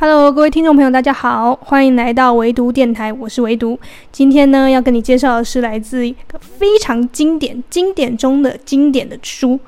Hello，各位聽眾朋友，大家好，歡迎來到微讀電台，我是微讀。今天呢，要跟你介紹的是來自一個非常經典、經典中的經典的書。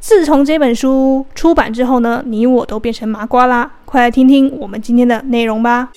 自從這本書出版之後呢，你我都變成麻瓜啦。快來聽聽我們今天的內容吧。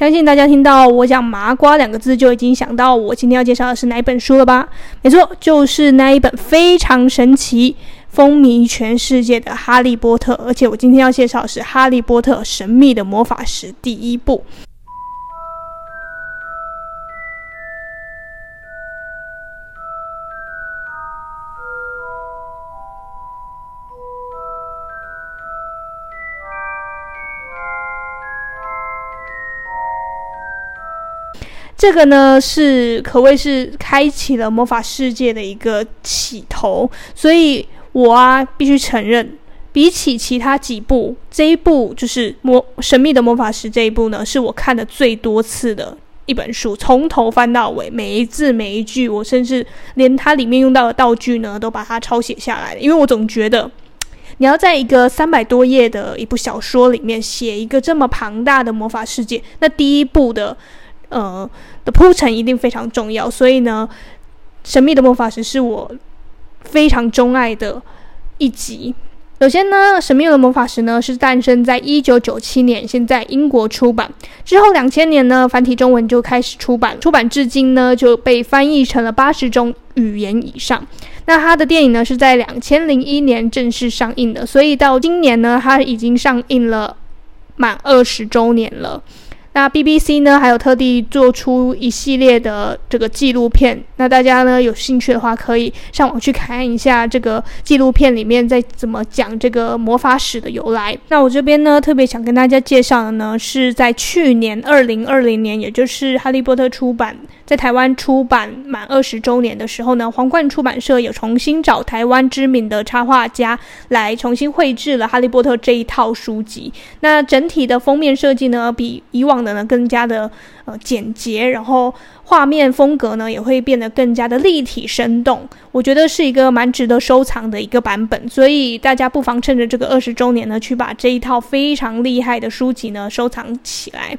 相信大家聽到我講“麻瓜”兩個字，就已經想到我今天要介紹的是哪一本書了吧？沒錯，就是那一本非常神奇、風靡全世界的《哈利波特》，而且我今天要介紹的是《哈利波特：神祕的魔法石》第一部。這個呢，是可謂是開啟了魔法世界的一個起頭，所以我啊，必須承認，比起其他幾部，這一部就是魔《魔神秘的魔法石》這一部呢，是我看的最多次的一本書，從頭翻到尾，每一字每一句，我甚至連它裡面用到的道具呢，都把它抄寫下來，因為我總覺得，你要在一個三百多頁的一部小說裡面寫一個這麼龐大的魔法世界，那第一部的。呃、嗯，的鋪陳一定非常重要，所以呢，《神秘的魔法石》是我非常鍾愛的一集。首先呢，《神秘的魔法石》呢是誕生在一九九七年，先在英國出版之後，兩千年呢繁體中文就開始出版，出版至今呢就被翻譯成了八十種語言以上。那他的電影呢是在兩千零一年正式上映的，所以到今年呢，他已經上映了滿二十週年了。那 BBC 呢，還有特地做出一系列的這個紀錄片，那大家呢有興趣的話，可以上網去看一下這個紀錄片裡面在怎麼講這個魔法史的由來。那我這邊呢，特別想跟大家介紹的呢，是在去年二零二零年，也就是《哈利波特》出版。在台灣出版滿二十周年的時候呢，皇冠出版社有重新找台灣知名的插畫家來重新繪制了《哈利波特》這一套書籍。那整體的封面設計呢，比以往的呢更加的呃簡潔，然後畫面風格呢也會變得更加的立體生動。我覺得是一個蠻值得收藏的一個版本，所以大家不妨趁着這個二十周年呢，去把這一套非常厲害的書籍呢收藏起來。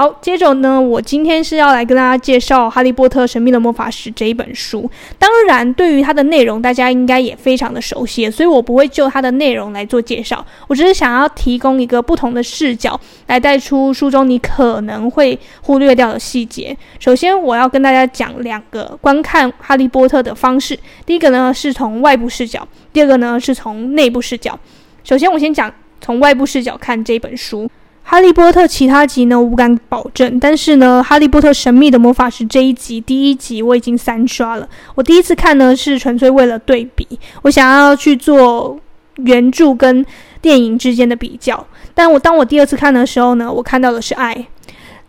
好，接着呢，我今天是要來跟大家介紹《哈利波特：神祕的魔法石》這一本書。當然，對於它的內容，大家應該也非常的熟悉，所以我不會就它的內容來做介紹，我只是想要提供一個不同的視角，來帶出書中你可能會忽略掉的細節。首先，我要跟大家講兩個觀看《哈利波特》的方式。第一個呢，是從外部視角；第二個呢，是從內部視角。首先，我先講從外部視角看這本書。《哈利波特》其他集呢，我不敢保證。但是呢，《哈利波特：神秘的魔法石》這一集第一集我已經三刷了。我第一次看呢是純粹為了對比，我想要去做原著跟電影之間的比較。但我當我第二次看的時候呢，我看到的是愛。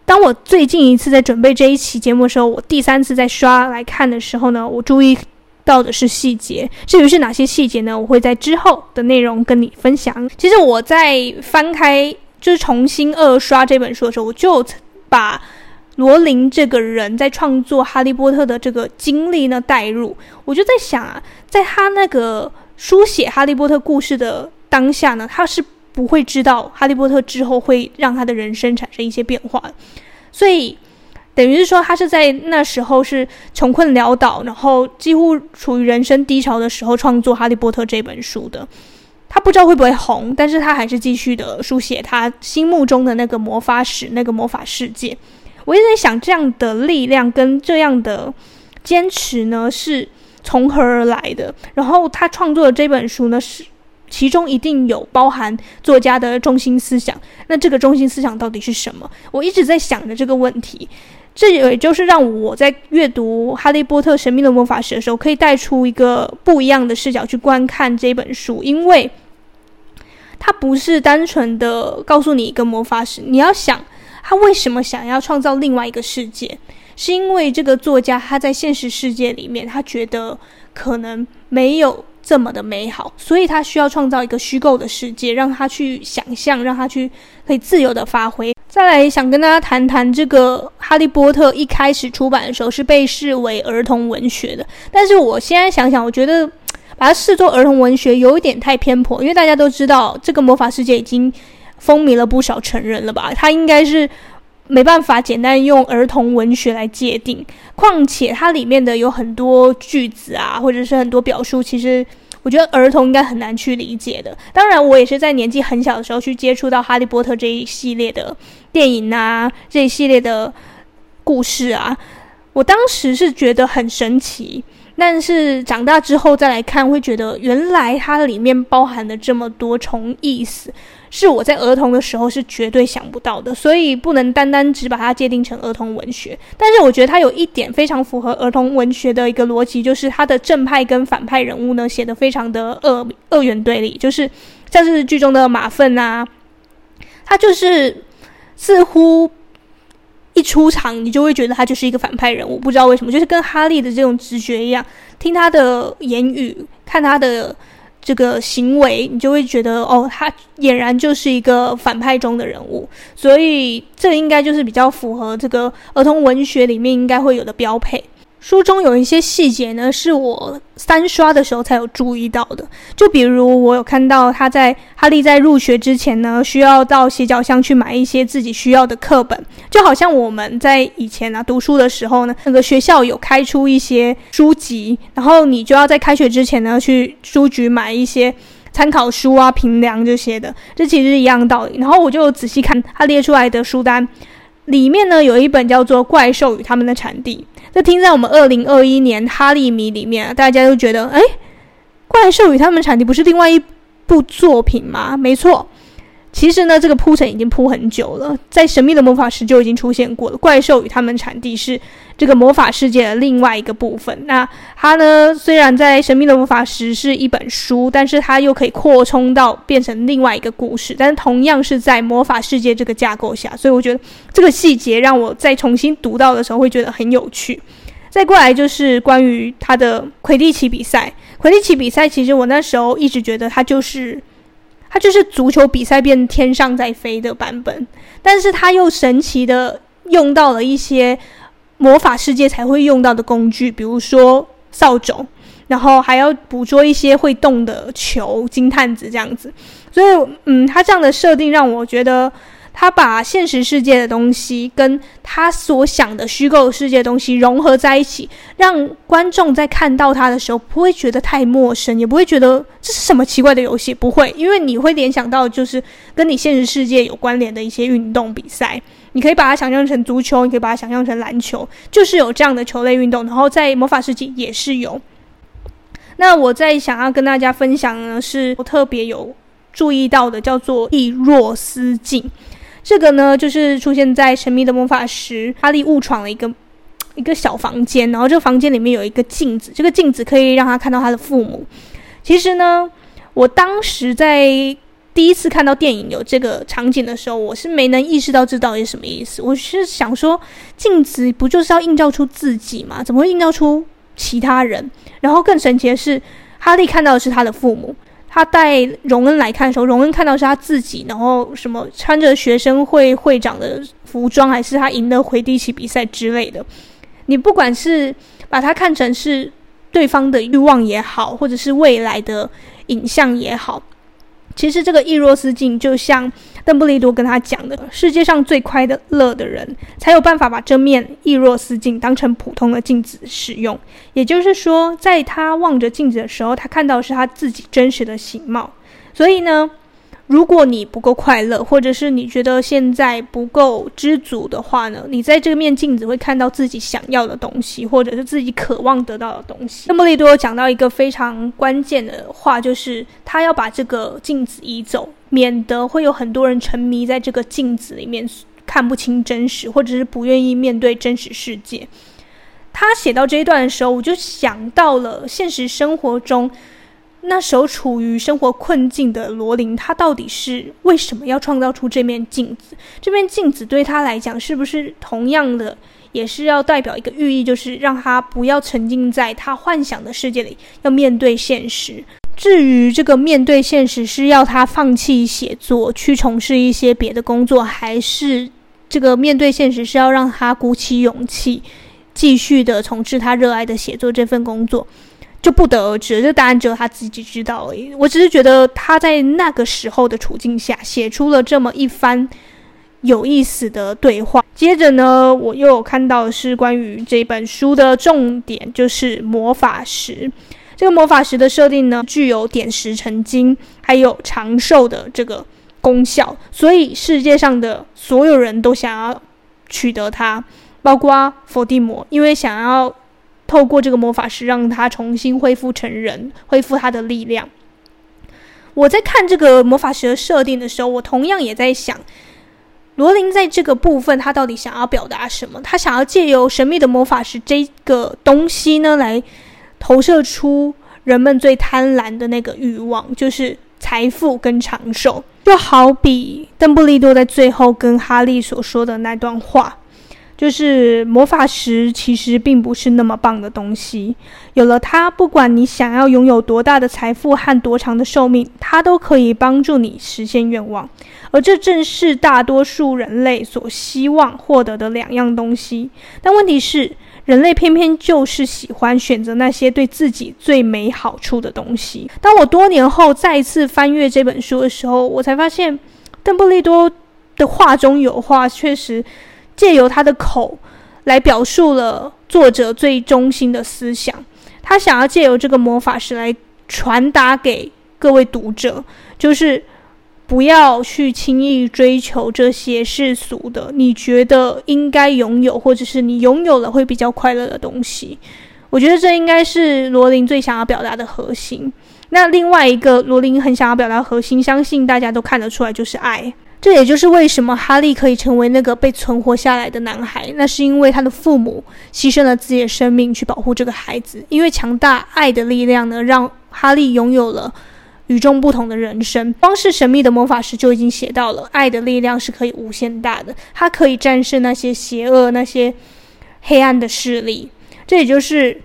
當我最近一次在準備這一期節目的時候，我第三次在刷來看的時候呢，我注意到的是細節。至於是哪些細節呢，我會在之後的內容跟你分享。其實我在翻開。就是重新二刷這本書的時候，我就把羅琳這個人在創作《哈利波特》的這個經歷呢帶入，我就在想啊，在他那個書寫《哈利波特》故事的當下呢，他是不會知道《哈利波特》之後會讓他的人生產生一些變化，所以等於是說，他是在那時候是窮困潦倒，然後幾乎處於人生低潮的時候創作《哈利波特》這本書的。他不知道會不會紅，但是他還是繼續的書寫他心目中的那個魔法史、那個魔法世界。我也在想，這樣的力量跟這樣的堅持呢，是從何而來的？然後他創作的這本書呢，是。其中一定有包含作家的中心思想，那這個中心思想到底是什麼？我一直在想着這個問題，這也就是讓我在閱讀《哈利波特：神秘的魔法石》的時候，可以帶出一個不一樣的視角去觀看這本書，因為他不是單純的告訴你一個魔法石，你要想他為什麼想要創造另外一個世界，是因為這個作家他在現實世界裡面，他覺得可能沒有。這麼的美好，所以他需要創造一個虛構的世界，讓他去想象，讓他去可以自由地發揮。再來想跟大家談談這個《哈利波特》一開始出版的時候是被視為兒童文學的，但是我現在想想，我覺得把它視作兒童文學有一點太偏頗，因為大家都知道這個魔法世界已經風靡了不少成人了吧？它應該是沒辦法簡單用兒童文學來界定。況且它裡面的有很多句子啊，或者是很多表述，其實。我覺得兒童應該很難去理解的。當然，我也是在年紀很小的時候去接觸到《哈利波特》這一系列的電影啊，這一系列的故事啊。我當時是覺得很神奇，但是長大之後再來看，會覺得原來它裡面包含了這麼多重意思。是我在兒童的時候是絕對想不到的，所以不能單單只把它界定成兒童文學。但是我覺得它有一點非常符合兒童文學的一個邏輯，就是它的正派跟反派人物呢，寫的非常的二二元對立。就是像是劇中的馬份啊，他就是似乎一出場你就會覺得他就是一個反派人物，不知道為什麼，就是跟哈利的這種直覺一樣，聽他的言語，看他的。這個行為，你就會覺得哦，他儼然就是一個反派中的人物，所以這應該就是比較符合這個兒童文學裡面應該會有的標配。書中有一些細節呢，是我三刷的時候才有注意到的，就比如我有看到他在哈利在入學之前呢，需要到斜角巷去買一些自己需要的課本。就好像我們在以前啊讀書的時候呢，那個學校有開出一些書籍，然後你就要在開學之前呢去書局買一些參考書啊、評量這些的，這其實是一樣道理。然後我就仔細看他列出來的書單，裡面呢有一本叫做《怪獸與他們的產地》，這聽在我們二零二一年哈利迷裡面啊，大家都覺得哎，怪獸與他們產地不是另外一部作品嗎？沒錯。其實呢，這個鋪陳已經鋪很久了，在《神祕的魔法石》就已經出現過了。怪獸與他們產地是這個魔法世界的另外一個部分。那它呢，雖然在《神祕的魔法石》是一本書，但是它又可以擴充到變成另外一個故事，但是同樣是在魔法世界這個架構下。所以我覺得這個細節讓我再重新讀到的時候會覺得很有趣。再過來就是關於它的魁地奇比賽。魁地奇比賽其實我那時候一直覺得它就是。它就是足球比賽變天上在飛的版本，但是它又神奇的用到了一些魔法世界才會用到的工具，比如說掃帚，然後還要捕捉一些會動的球、金探子這樣子，所以嗯，它這樣的設定讓我覺得。他把現實世界的東西跟他所想的虛構世界的東西融合在一起，讓觀眾在看到它的時候不會覺得太陌生，也不會覺得這是什麼奇怪的遊戲，不會，因為你會聯想到就是跟你現實世界有關聯的一些運動比賽，你可以把它想象成足球，你可以把它想象成籃球，就是有這樣的球類運動，然後在魔法世界也是有。那我在想要跟大家分享的呢，是我特別有注意到的，叫做意若思鏡。這個呢，就是出現在《神秘的魔法石》，哈利誤闖了一個一個小房間，然後這個房間裡面有一個鏡子，這個鏡子可以讓他看到他的父母。其實呢，我當時在第一次看到電影有這個場景的時候，我是沒能意識到這到底是什麼意思。我是想說，鏡子不就是要映照出自己嗎？怎麼會映照出其他人？然後更神奇的是，哈利看到的是他的父母。他帶榮恩來看的時候，榮恩看到是他自己，然後什麼穿着學生會會長的服裝，還是他贏得魁地奇比賽之類的。你不管是把它看成是對方的慾望也好，或者是未來的影像也好，其實這個意若思鏡，就像鄧布利多跟他講的，世界上最快的樂的人才有辦法把這面意若思鏡當成普通的鏡子使用。也就是說，在他望着鏡子的時候，他看到的是他自己真實的形貌。所以呢。如果你不夠快樂，或者是你覺得現在不夠知足的話呢，你在這面鏡子會看到自己想要的東西，或者是自己渴望得到的東西。那鄧不利多講到一個非常關鍵的話，就是他要把這個鏡子移走，免得會有很多人沉迷在這個鏡子裡面，看不清真實，或者是不願意面對真實世界。他寫到這一段的時候，我就想到了現實生活中。那時候處於生活困境的羅琳，他到底是為什麼要創造出這面鏡子？這面鏡子對他來講，是不是同樣的，也是要代表一個寓意，就是讓他不要沉浸在他幻想的世界裡，要面對現實？至於這個面對現實是要他放棄寫作，去從事一些別的工作，還是這個面對現實是要讓他鼓起勇氣，繼續的從事他熱愛的寫作這份工作？就不得而知，這個、答案只有他自己知道而已。我只是覺得他在那個時候的處境下，寫出了這麼一番有意思的對話。接着呢，我又有看到的是關於這本書的重點，就是魔法石。這個魔法石的設定呢，具有點石成金，還有長壽的這個功效，所以世界上的所有人都想要取得它，包括佛地魔，因為想要。透過這個魔法石，讓他重新恢復成人，恢復他的力量。我在看這個魔法石的設定的時候，我同樣也在想，羅琳在這個部分他到底想要表達什麼？他想要借由神秘的魔法石這個東西呢，來投射出人們最貪婪的那個慾望，就是財富跟長壽。就好比鄧布利多在最後跟哈利所說的那段話。就是魔法石其實並不是那麼棒的東西，有了它，不管你想要擁有多大的財富和多長的壽命，它都可以幫助你實現願望。而這正是大多數人類所希望獲得的兩樣東西。但問題是，人類偏偏就是喜歡選擇那些對自己最沒好處的東西。當我多年後再一次翻閱這本書的時候，我才發現，鄧布利多的話中有話，確實。借由他的口來表述了作者最中心的思想，他想要借由這個魔法石來傳達給各位讀者，就是不要去輕易追求這些世俗的你覺得應該擁有或者是你擁有了會比較快樂的東西。我覺得這應該是羅琳最想要表達的核心。那另外一個羅琳很想要表達核心，相信大家都看得出來，就是愛。這也就是為什麼哈利可以成為那個被存活下來的男孩，那是因為他的父母犧牲了自己的生命去保護這個孩子。因為強大愛的力量呢，讓哈利擁有了與眾不同的人生。光是《神秘的魔法石》就已經寫到了愛的力量是可以無限大的，它可以戰勝那些邪惡、那些黑暗的勢力。這也就是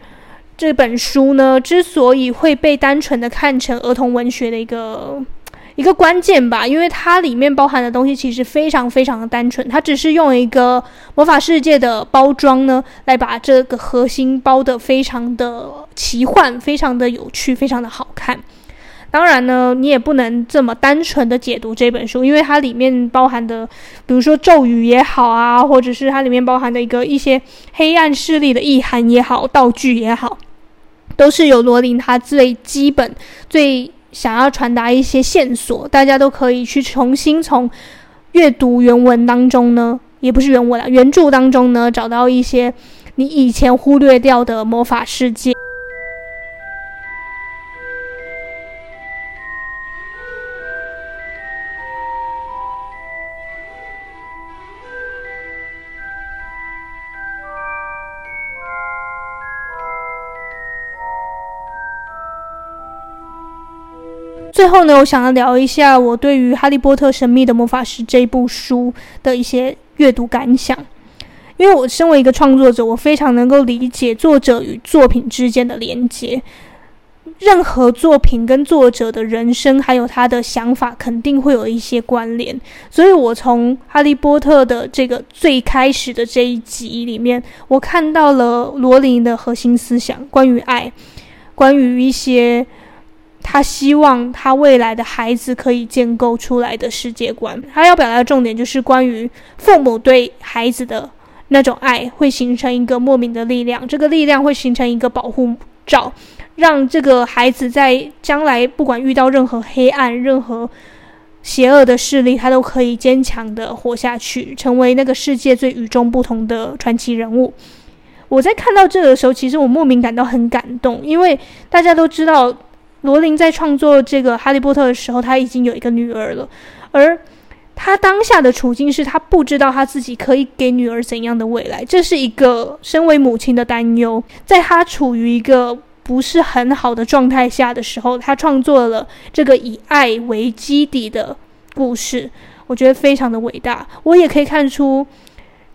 這本書呢，之所以會被單純的看成兒童文學的一個。一個關鍵吧，因為它裡面包含的東西其實非常非常的單純，它只是用一個魔法世界的包裝呢，來把這個核心包得非常的奇幻、非常的有趣、非常的好看。當然呢，你也不能這麼單純的解讀這本書，因為它裡面包含的，比如說咒語也好啊，或者是它裡面包含的一個一些黑暗勢力的意涵也好、道具也好，都是由羅琳她最基本最想要傳達一些線索，大家都可以去重新從閱讀原文當中呢，也不是原文了，原著當中呢，找到一些你以前忽略掉的魔法世界。最後呢，我想要聊一下我對於《哈利波特：神秘的魔法石》這部書的一些閱讀感想。因為我身為一個創作者，我非常能夠理解作者與作品之間的連接。任何作品跟作者的人生，還有他的想法，肯定會有一些關聯。所以，我從《哈利波特》的這個最開始的這一集裡面，我看到了羅琳的核心思想，關於愛，關於一些。他希望他未來的孩子可以建構出來的世界觀，他要表達的重點就是關於父母對孩子的那種愛會形成一個莫名的力量，這個力量會形成一個保護罩，讓這個孩子在將來不管遇到任何黑暗、任何邪惡的勢力，他都可以堅強的活下去，成為那個世界最與眾不同的傳奇人物。我在看到這個的時候，其實我莫名感到很感動，因為大家都知道。羅琳在創作這個《哈利波特》的時候，她已經有一個女兒了，而她當下的處境是她不知道她自己可以給女兒怎樣的未來，這是一個身為母親的擔憂。在她處於一個不是很好的狀態下的時候，她創作了這個以愛為基底的故事，我覺得非常的偉大。我也可以看出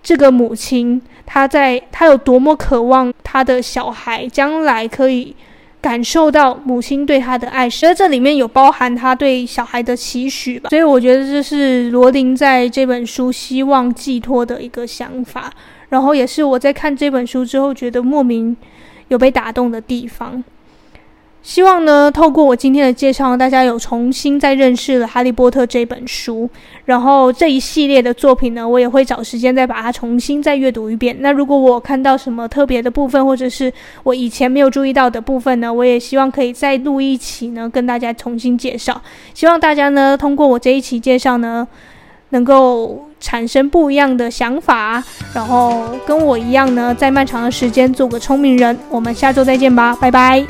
這個母親她在她有多麼渴望她的小孩將來可以。感受到母親對他的愛，所以這裡面有包含他對小孩的期許吧，所以我覺得這是羅琳在這本書希望寄托的一個想法，然後也是我在看這本書之後覺得莫名有被打動的地方。希望呢，透過我今天的介紹，大家有重新再認識了《哈利波特》這本書，然後這一系列的作品呢，我也會找時間再把它重新再閱讀一遍。那如果我看到什麼特別的部分，或者是我以前沒有注意到的部分呢，我也希望可以再錄一期呢，跟大家重新介紹。希望大家呢，通過我這一期介紹呢，能夠產生不一樣的想法，然後跟我一樣呢，在漫長的時間做個聰明人。我們下週再見吧，拜拜。